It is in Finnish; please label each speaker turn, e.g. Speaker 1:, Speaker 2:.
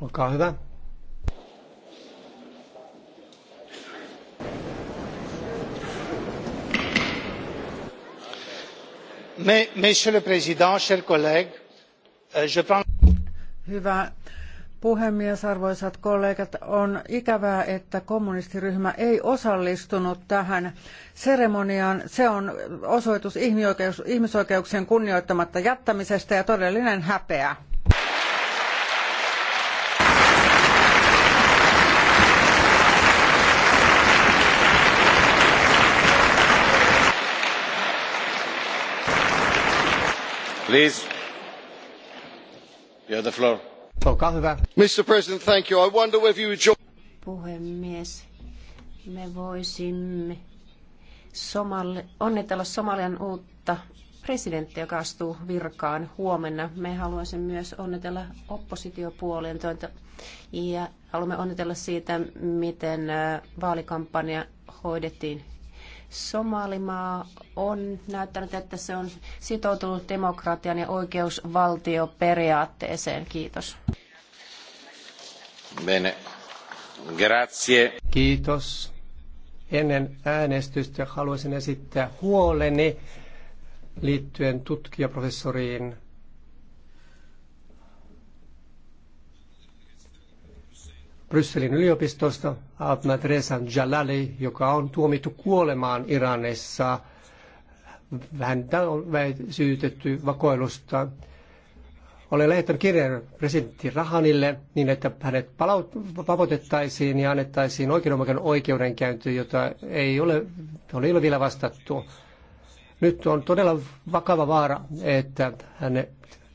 Speaker 1: Olkaa hyvä. Monsieur le Président, chers collègues, euh, je prends...
Speaker 2: Hyvä puhemies, arvoisat kollegat, on ikävää, että kommunistiryhmä ei osallistunut tähän seremoniaan. Se on osoitus ihmisoikeuksien kunnioittamatta jättämisestä ja todellinen häpeä.
Speaker 1: Please.
Speaker 3: Mr. President, I wonder whether you would... Puhemies, me voisimme onnitella Somalian uutta presidenttiä, joka astuu virkaan huomenna. Me haluaisimme myös onnitella oppositiopuolien ja haluamme onnitella siitä, miten vaalikampanja hoidettiin Somalimaa on näyttänyt, että se on sitoutunut demokratian ja oikeusvaltioperiaatteeseen. Kiitos.
Speaker 1: Bene. Grazie. Kiitos. Ennen äänestystä haluaisin esittää huoleni liittyen tutkijaprofessoriin Brysselin yliopistosta Atma Tresan Jalali, joka on tuomittu kuolemaan Iranissa. Häntä on syytetty vakoilusta. Olen lähettänyt kirjeen presidentti Rahanille niin, että hänet vapautettaisiin ja annettaisiin oikeudenmukainen oikeudenkäynti, jota ei ole, ei ole vielä vastattu. Nyt on todella vakava vaara, että hänet